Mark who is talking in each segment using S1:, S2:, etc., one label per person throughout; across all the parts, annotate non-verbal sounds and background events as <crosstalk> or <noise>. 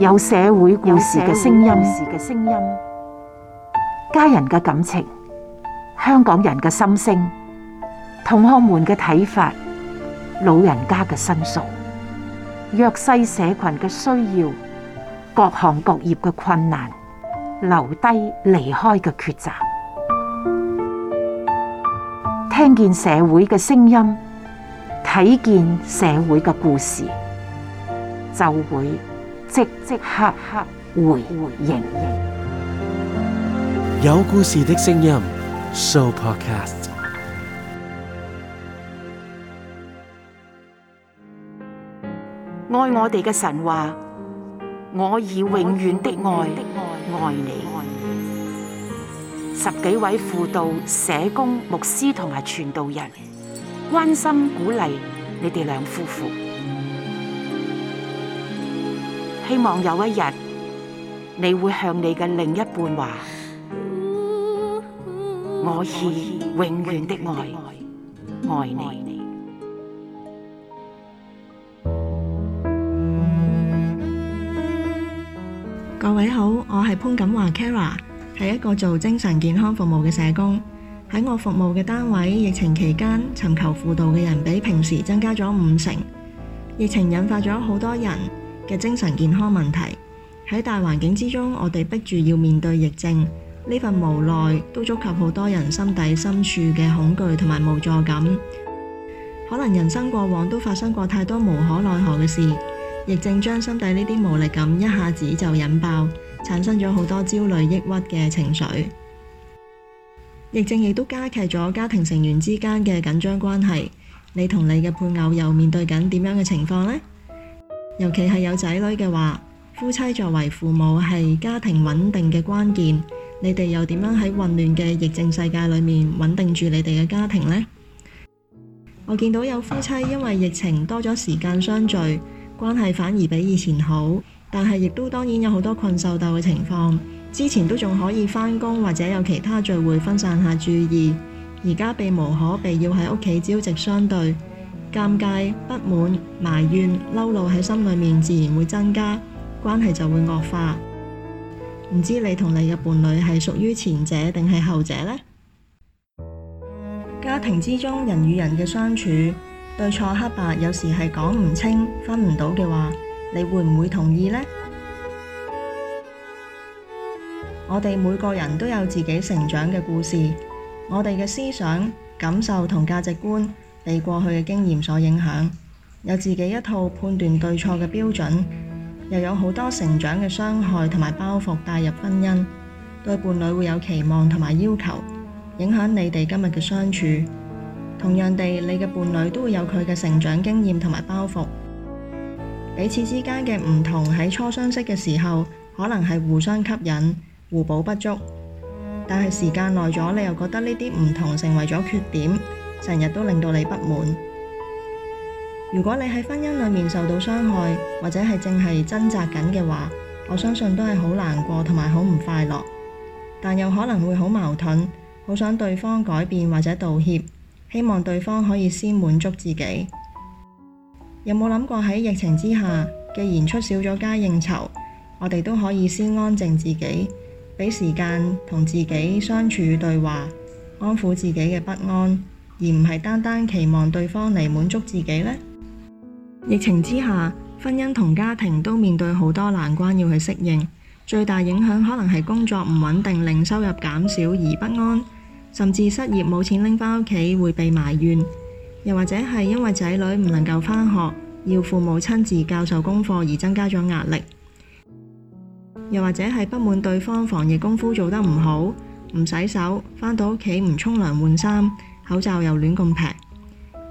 S1: 有社會故事嘅聲音，家人嘅感情，香港人嘅心聲，同學們嘅睇法，老人家嘅申訴，弱勢社群嘅需要，各行各業嘅困難，留低離開嘅抉擇，聽見社會嘅聲音，睇見社會嘅故事，就會。即即刻刻回回應應，
S2: 有故事的聲音，So Podcast。
S1: 愛我哋嘅神話，我以永遠的愛愛你。十幾位輔導、社工、牧師同埋傳道人，關心鼓勵你哋兩夫婦。希望有一日，你會向你嘅另一半話：我以永遠的愛
S3: 愛你。各位好，我係潘錦華 Kara，係一個做精神健康服務嘅社工。喺我服務嘅單位，疫情期間尋求輔導嘅人比平時增加咗五成。疫情引發咗好多人。嘅精神健康問題，喺大環境之中，我哋逼住要面對疫症，呢份無奈都觸及好多人心底深處嘅恐懼同埋無助感。可能人生過往都發生過太多無可奈何嘅事，疫症將心底呢啲無力感一下子就引爆，產生咗好多焦慮、抑鬱嘅情緒。疫症亦都加劇咗家庭成員之間嘅緊張關係。你同你嘅配偶又面對緊點樣嘅情況咧？尤其係有仔女嘅話，夫妻作為父母係家庭穩定嘅關鍵。你哋又點樣喺混亂嘅疫症世界裏面穩定住你哋嘅家庭呢？我見到有夫妻因為疫情多咗時間相聚，關係反而比以前好，但係亦都當然有好多困獸鬥嘅情況。之前都仲可以返工或者有其他聚會分散下注意，而家避無可避，要喺屋企朝夕相對。尷尬、不滿、埋怨、嬲怒喺心裏面，自然會增加，關係就會惡化。唔知你同你嘅伴侶係屬於前者定係後者呢？家庭之中人與人嘅相處，對錯黑白有時係講唔清、分唔到嘅話，你會唔會同意呢？ <noise> <noise> 我哋每個人都有自己成長嘅故事，我哋嘅思想、感受同價值觀。被過去嘅經驗所影響，有自己一套判斷對錯嘅標準，又有好多成長嘅傷害同埋包袱帶入婚姻，對伴侶會有期望同埋要求，影響你哋今日嘅相處。同樣地，你嘅伴侶都會有佢嘅成長經驗同埋包袱，彼此之間嘅唔同喺初相識嘅時候可能係互相吸引、互補不足，但係時間耐咗，你又覺得呢啲唔同成為咗缺點。成日都令到你不滿。如果你喺婚姻裏面受到傷害，或者係淨係掙扎緊嘅話，我相信都係好難過同埋好唔快樂。但又可能會好矛盾，好想對方改變或者道歉，希望對方可以先滿足自己。有冇諗過喺疫情之下，既然出少咗家應酬，我哋都可以先安靜自己，俾時間同自己相處對話，安撫自己嘅不安。而唔係單單期望對方嚟滿足自己呢。疫情之下，婚姻同家庭都面對好多難關要去適應。最大影響可能係工作唔穩定，令收入減少而不安，甚至失業冇錢拎返屋企會被埋怨。又或者係因為仔女唔能夠返學，要父母親自教授功課而增加咗壓力。又或者係不滿對方防疫功夫做得唔好，唔洗手，返到屋企唔沖涼換衫。口罩又亂咁平，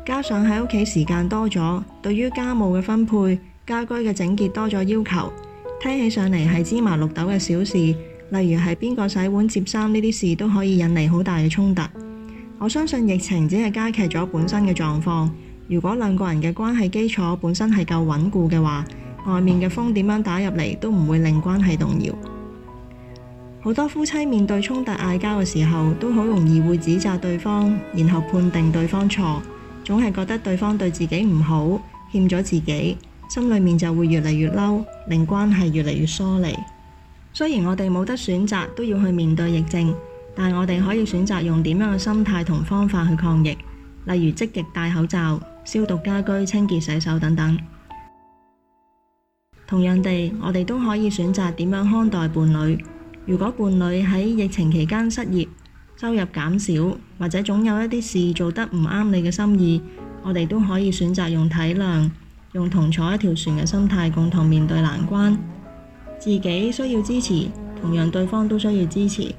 S3: 加上喺屋企時間多咗，對於家務嘅分配、家居嘅整潔多咗要求，聽起上嚟係芝麻綠豆嘅小事，例如係邊個洗碗接、接衫呢啲事都可以引嚟好大嘅衝突。我相信疫情只係加劇咗本身嘅狀況，如果兩個人嘅關係基礎本身係夠穩固嘅話，外面嘅風點樣打入嚟都唔會令關係動搖。好多夫妻面對衝突嗌交嘅時候，都好容易會指責對方，然後判定對方錯，總係覺得對方對自己唔好，欠咗自己，心裏面就會越嚟越嬲，令關係越嚟越疏離。雖然我哋冇得選擇都要去面對疫症，但係我哋可以選擇用點樣嘅心態同方法去抗疫，例如積極戴口罩、消毒家居、清潔洗手等等。同樣地，我哋都可以選擇點樣看待伴侶。如果伴侶喺疫情期間失業、收入減少，或者總有一啲事做得唔啱你嘅心意，我哋都可以選擇用體諒、用同坐一條船嘅心態，共同面對難關。自己需要支持，同樣對方都需要支持。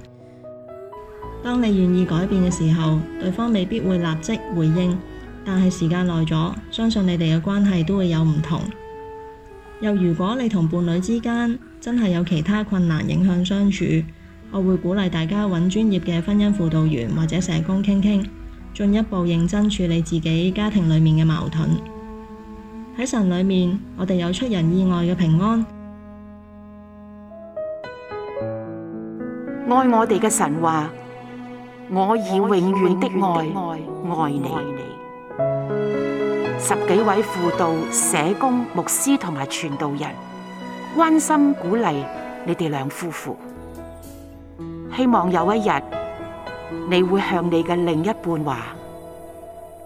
S3: 當你願意改變嘅時候，對方未必會立即回應，但係時間耐咗，相信你哋嘅關係都會有唔同。又如果你同伴侶之間，真係有其他困難影響相處，我會鼓勵大家揾專業嘅婚姻輔導員或者社工傾傾，進一步認真處理自己家庭裏面嘅矛盾。喺神裏面，我哋有出人意外嘅平安。愛我
S1: 哋嘅神話，我以永遠的愛，我以永遠的愛，愛你。十幾位輔導、社工、牧師同埋傳道人。關心鼓勵你哋兩夫婦，希望有一日你會向你嘅另一半話：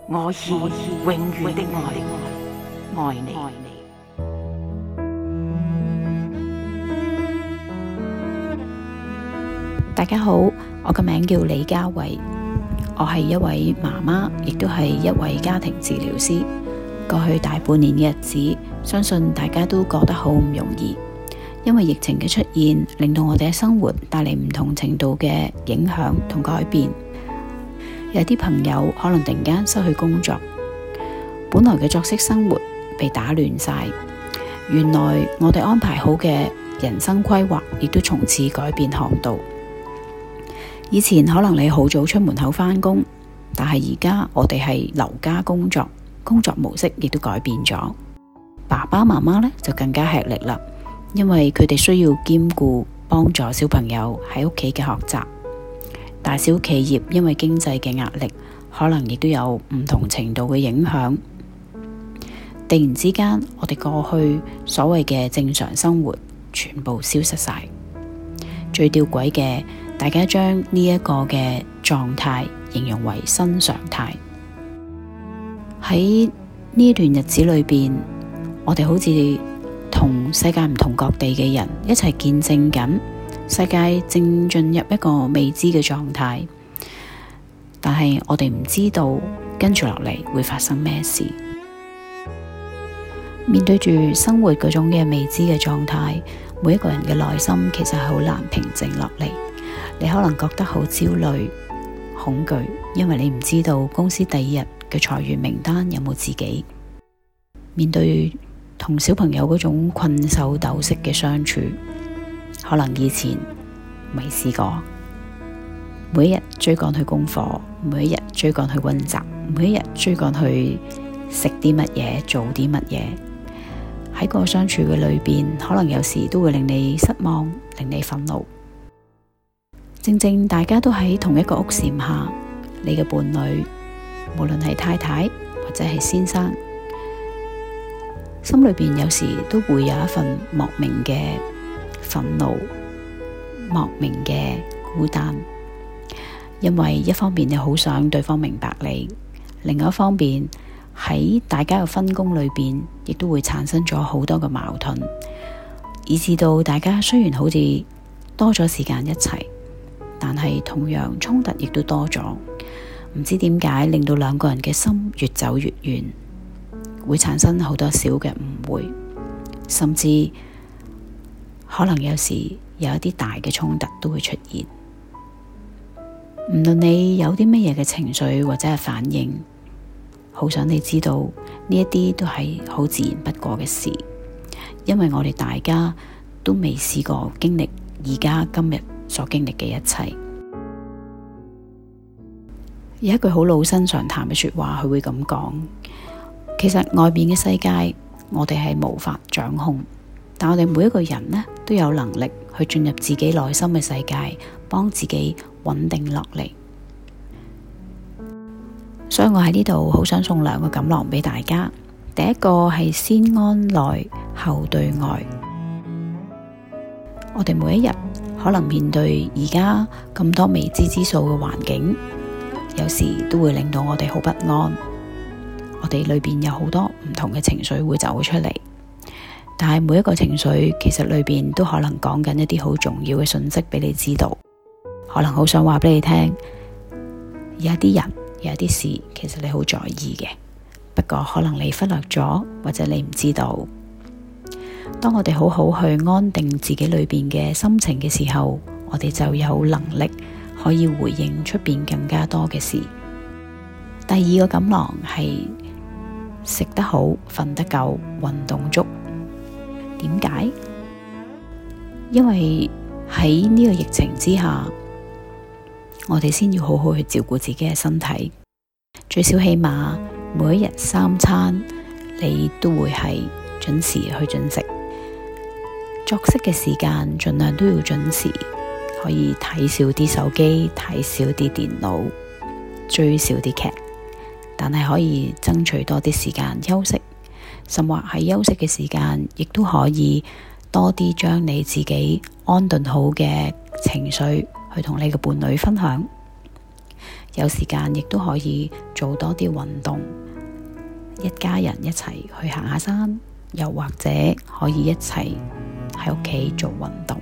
S1: 我以已永遠的愛永遠的愛，愛你。大
S4: 家好，我嘅名叫李嘉偉，我係一位媽媽，亦都係一位家庭治療師。過去大半年嘅日子，相信大家都覺得好唔容易，因為疫情嘅出現，令到我哋嘅生活帶嚟唔同程度嘅影響同改變。有啲朋友可能突然間失去工作，本來嘅作息生活被打亂晒，原來我哋安排好嘅人生規劃亦都從此改變航道。以前可能你好早出門口返工，但係而家我哋係留家工作。工作模式亦都改變咗，爸爸媽媽呢就更加吃力啦，因為佢哋需要兼顧幫助小朋友喺屋企嘅學習。大小企業因為經濟嘅壓力，可能亦都有唔同程度嘅影響。突然之間，我哋過去所謂嘅正常生活全部消失晒。最吊詭嘅，大家將呢一個嘅狀態形容為新常態。喺呢段日子裏邊，我哋好似同世界唔同各地嘅人一齊見證緊，世界正進入一個未知嘅狀態。但係我哋唔知道跟住落嚟會發生咩事。面對住生活嗰種嘅未知嘅狀態，每一個人嘅內心其實好難平靜落嚟。你可能覺得好焦慮、恐懼，因為你唔知道公司第二日。嘅裁員名單有冇自己？面對同小朋友嗰種困獸鬥式嘅相處，可能以前未試過。每一日追趕去功課，每一日追趕去溫習，每一日追趕去食啲乜嘢，做啲乜嘢。喺個相處嘅裏邊，可能有時都會令你失望，令你憤怒。正正大家都喺同一個屋檐下，你嘅伴侶。無論係太太或者係先生，心裏邊有時都會有一份莫名嘅憤怒、莫名嘅孤單，因為一方面你好想對方明白你，另外一方面喺大家嘅分工裏邊，亦都會產生咗好多嘅矛盾，以致到大家雖然好似多咗時間一齊，但係同樣衝突亦都多咗。唔知點解令到兩個人嘅心越走越遠，會產生好多小嘅誤會，甚至可能有時有一啲大嘅衝突都會出現。唔論你有啲乜嘢嘅情緒或者係反應，好想你知道呢一啲都係好自然不過嘅事，因為我哋大家都未試過經歷而家今日所經歷嘅一切。有一句好老生常談嘅說話，佢會咁講：「其實外面嘅世界我哋係無法掌控，但我哋每一個人呢都有能力去進入自己內心嘅世界，幫自己穩定落嚟。所以我喺呢度好想送兩個錦囊俾大家。第一個係先安內後對外。我哋每一日可能面對而家咁多未知之數嘅環境。有時都會令到我哋好不安，我哋裏邊有好多唔同嘅情緒會走出嚟，但係每一個情緒其實裏邊都可能講緊一啲好重要嘅信息俾你知道，可能好想話俾你聽，有一啲人，有一啲事，其實你好在意嘅，不過可能你忽略咗，或者你唔知道。當我哋好好去安定自己裏邊嘅心情嘅時候，我哋就有能力。可以回應出邊更加多嘅事。第二個錦囊係食得好、瞓得夠、運動足。點解？因為喺呢個疫情之下，我哋先要好好去照顧自己嘅身體。最少起碼每一日三餐，你都會係準時去進食。作息嘅時間盡量都要準時。可以睇少啲手機，睇少啲電腦，追少啲劇，但係可以爭取多啲時間休息，甚或喺休息嘅時間，亦都可以多啲將你自己安頓好嘅情緒，去同你嘅伴侶分享。有時間亦都可以做多啲運動，一家人一齊去行下山，又或者可以一齊喺屋企做運動。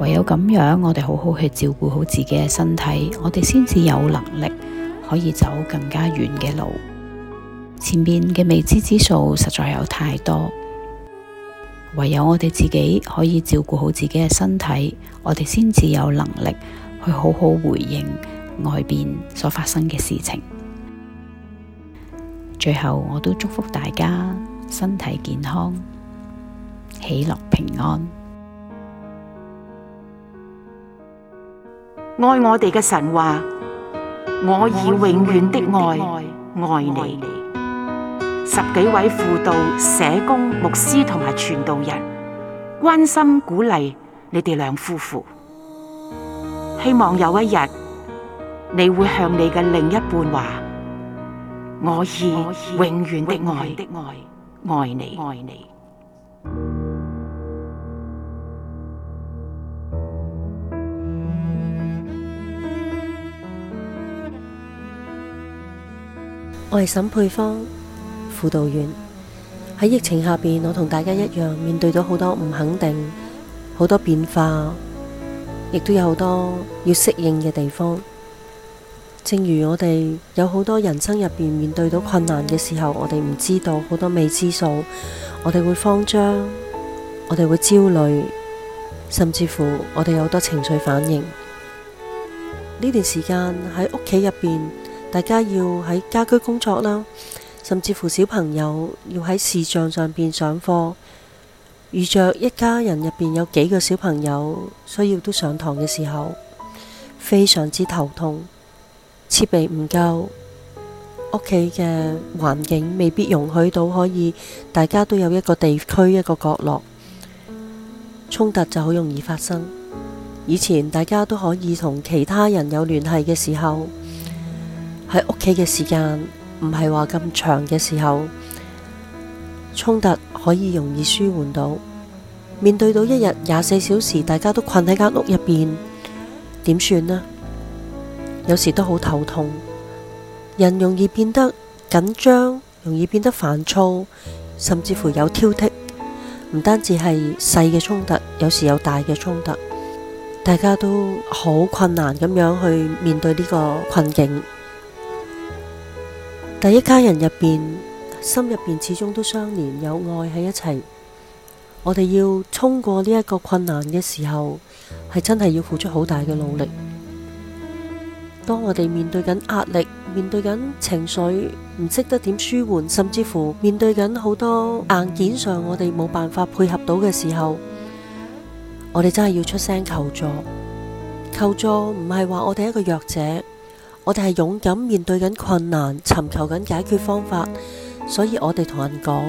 S4: 唯有咁樣，我哋好好去照顧好自己嘅身體，我哋先至有能力可以走更加遠嘅路。前面嘅未知之數實在有太多，唯有我哋自己可以照顧好自己嘅身體，我哋先至有能力去好好回應外邊所發生嘅事情。最後，我都祝福大家身體健康、
S1: 喜樂平安。愛我哋嘅神話，我以永遠的愛愛你。十幾位輔導、社工、牧師同埋傳道人，關心鼓勵你哋兩夫婦。希望有一日，你會向你嘅另一半話：我以永遠的愛愛你。
S2: 我係沈佩芳輔導員。喺疫情下邊，我同大家一樣面對到好多唔肯定，好多變化，亦都有好多要適應嘅地方。正如我哋有好多人生入邊面面對到困難嘅時候，我哋唔知道好多未知數，我哋會慌張，我哋會焦慮，甚至乎我哋有好多情緒反應。呢段時間喺屋企入邊。大家要喺家居工作啦，甚至乎小朋友要喺視像上邊上課，遇着一家人入邊有幾個小朋友需要都上堂嘅時候，非常之頭痛。設備唔夠，屋企嘅環境未必容許到可以，大家都有一個地區一個角落，衝突就好容易發生。以前大家都可以同其他人有聯繫嘅時候。喺屋企嘅時間唔係話咁長嘅時候，衝突可以容易舒緩到。面對到一日廿四小時，大家都困喺間屋入邊，點算呢？有時都好頭痛，人容易變得緊張，容易變得煩躁，甚至乎有挑剔。唔單止係細嘅衝突，有時有大嘅衝突，大家都好困難咁樣去面對呢個困境。第一家人入邊，心入邊始終都相連，有愛喺一齊。我哋要衝過呢一個困難嘅時候，係真係要付出好大嘅努力。當我哋面對緊壓力，面對緊情緒，唔識得點舒緩，甚至乎面對緊好多硬件上我哋冇辦法配合到嘅時候，我哋真係要出聲求助。求助唔係話我哋一個弱者。我哋係勇敢面對緊困難，尋求緊解決方法，所以我哋同人講，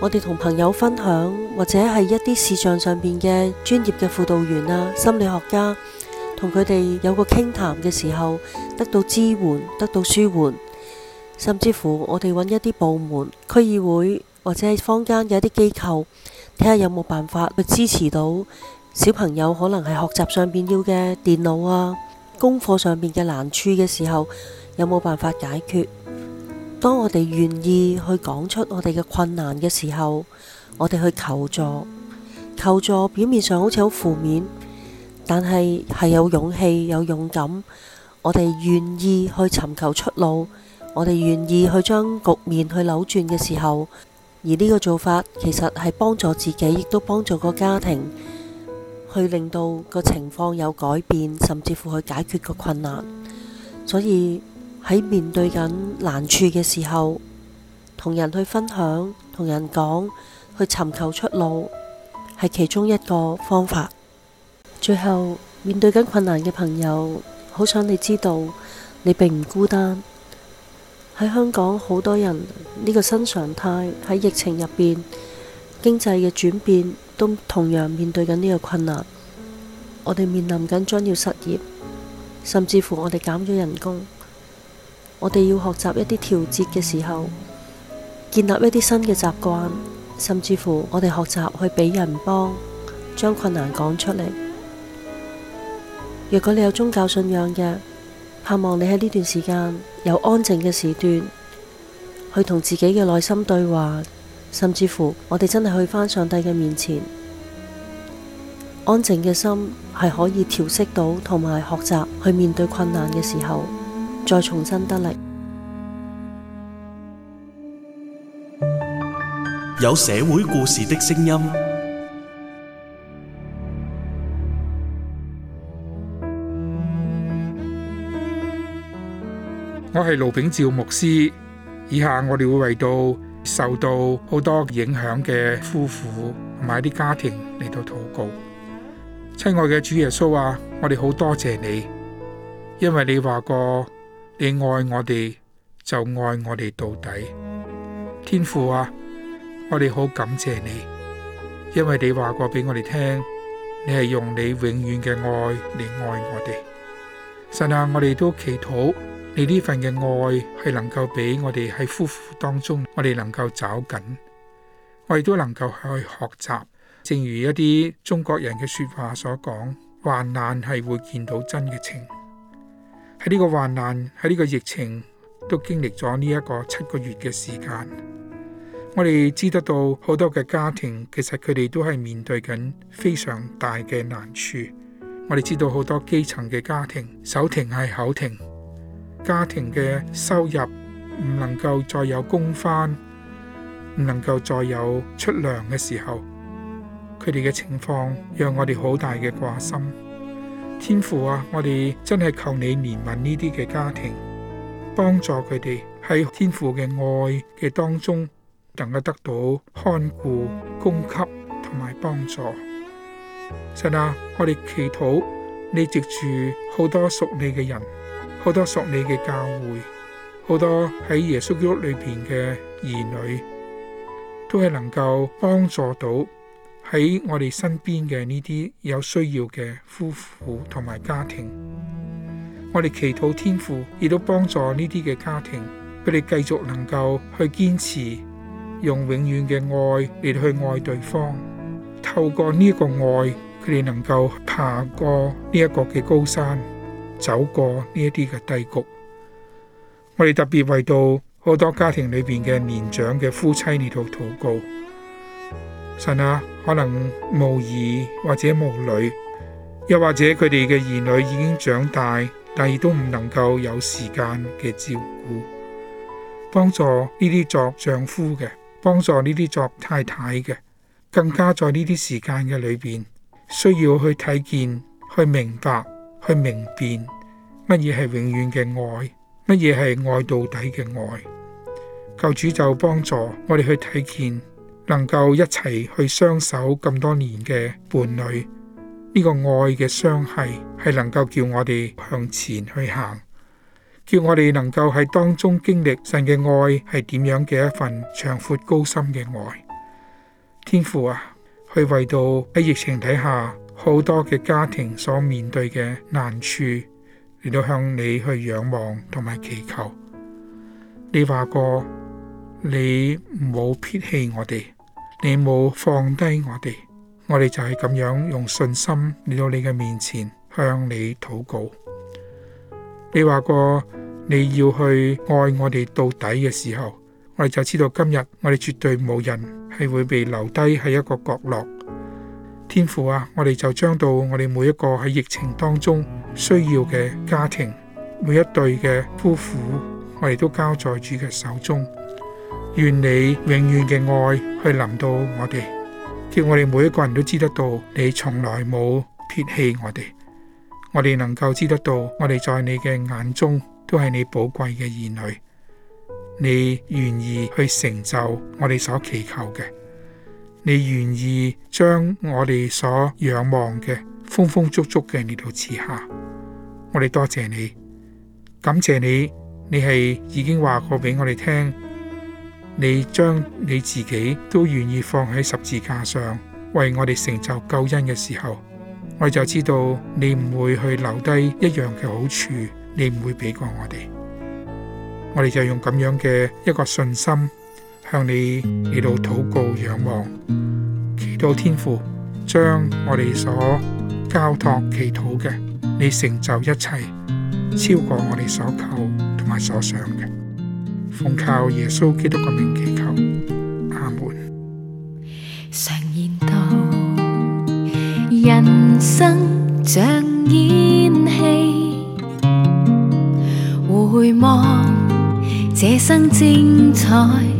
S2: 我哋同朋友分享，或者係一啲視像上邊嘅專業嘅輔導員啊、心理學家，同佢哋有個傾談嘅時候，得到支援、得到舒緩，甚至乎我哋搵一啲部門、區議會或者係坊間嘅一啲機構，睇下有冇辦法去支持到小朋友，可能係學習上邊要嘅電腦啊。功課上面嘅難處嘅時候，有冇辦法解決？當我哋願意去講出我哋嘅困難嘅時候，我哋去求助。求助表面上好似好負面，但係係有勇氣、有勇敢。我哋願意去尋求出路，我哋願意去將局面去扭轉嘅時候，而呢個做法其實係幫助自己，亦都幫助個家庭。去令到個情況有改變，甚至乎去解決個困難。所以喺面對緊難處嘅時候，同人去分享，同人講，去尋求出路，係其中一個方法。最後面對緊困難嘅朋友，好想你知道你並唔孤單。喺香港，好多人呢個新常態喺疫情入邊。經濟嘅轉變都同樣面對緊呢個困難，我哋面臨緊將要失業，甚至乎我哋減咗人工，我哋要學習一啲調節嘅時候，建立一啲新嘅習慣，甚至乎我哋學習去俾人幫，將困難講出嚟。若果你有宗教信仰嘅，盼望你喺呢段時間有安靜嘅時段，去同自己嘅內心對話。甚至乎，我哋真係去翻上帝嘅面前，安靜嘅心係可以調適到，同埋學習去面對困難嘅時候，再重新得力。有社會故事的聲音，
S5: 我係盧炳照牧師，以下我哋會為到。受到好多影響嘅夫婦同埋啲家庭嚟到禱告，親愛嘅主耶穌啊，我哋好多謝你，因為你話過你愛我哋就愛我哋到底。天父啊，我哋好感謝你，因為你話過俾我哋聽，你係用你永遠嘅愛嚟愛我哋。神啊，我哋都祈禱。你呢份嘅愛係能夠俾我哋喺夫婦當中，我哋能夠找緊，我哋都能夠去學習。正如一啲中國人嘅說話所講，患難係會見到真嘅情。喺呢個患難，喺呢個疫情都經歷咗呢一個七個月嘅時間，我哋知得到好多嘅家庭其實佢哋都係面對緊非常大嘅難處。我哋知道好多基層嘅家庭，手停係口停。家庭嘅收入唔能夠再有供翻，唔能夠再有出糧嘅時候，佢哋嘅情況讓我哋好大嘅掛心。天父啊，我哋真係求你憐憫呢啲嘅家庭，幫助佢哋喺天父嘅愛嘅當中，能夠得到看顧、供給同埋幫助。神啊，我哋祈禱你藉住好多屬你嘅人。好多索尼嘅教會，好多喺耶穌基督裏邊嘅兒女，都係能夠幫助到喺我哋身邊嘅呢啲有需要嘅夫婦同埋家庭。我哋祈禱天父亦都幫助呢啲嘅家庭，佢哋繼續能夠去堅持，用永遠嘅愛嚟去愛對方。透過呢個愛，佢哋能夠爬過呢一個嘅高山。走過呢一啲嘅低谷，我哋特別為到好多家庭裏邊嘅年長嘅夫妻呢度禱告。神啊，可能無兒或者無女，又或者佢哋嘅兒女已經長大，但亦都唔能夠有時間嘅照顧，幫助呢啲作丈夫嘅，幫助呢啲作太太嘅，更加在呢啲時間嘅裏邊，需要去睇見，去明白。去明辨乜嘢係永遠嘅愛，乜嘢係愛到底嘅愛。求主就幫助我哋去睇見，能夠一齊去相守咁多年嘅伴侶，呢個愛嘅傷係係能夠叫我哋向前去行，叫我哋能夠喺當中經歷神嘅愛係點樣嘅一份長闊高深嘅愛。天父啊，去為到喺疫情底下。好多嘅家庭所面對嘅難處，嚟到向你去仰望同埋祈求。你話過，你冇撇棄我哋，你冇放低我哋，我哋就係咁樣用信心嚟到你嘅面前向你禱告。你話過你要去愛我哋到底嘅時候，我哋就知道今日我哋絕對冇人係會被留低喺一個角落。天父啊，我哋就將到我哋每一個喺疫情當中需要嘅家庭，每一對嘅夫婦，我哋都交在主嘅手中。願你永遠嘅愛去臨到我哋，叫我哋每一個人都知得到你從來冇撇棄我哋。我哋能夠知得到，我哋在你嘅眼中都係你寶貴嘅兒女。你願意去成就我哋所祈求嘅。你願意將我哋所仰望嘅，豐豐足足嘅呢度賜下，我哋多謝你，感謝你，你係已經話過俾我哋聽，你將你自己都願意放喺十字架上，為我哋成就救恩嘅時候，我就知道你唔會去留低一樣嘅好處，你唔會俾過我哋，我哋就用咁樣嘅一個信心，向你嚟到禱告、仰望、祈禱天父，將我哋所交託祈禱嘅，你成就一切，超過我哋所求同埋所想嘅。奉靠耶穌基督嘅名祈求，阿門。
S6: 常言道，人生像演戲，回望這生精彩。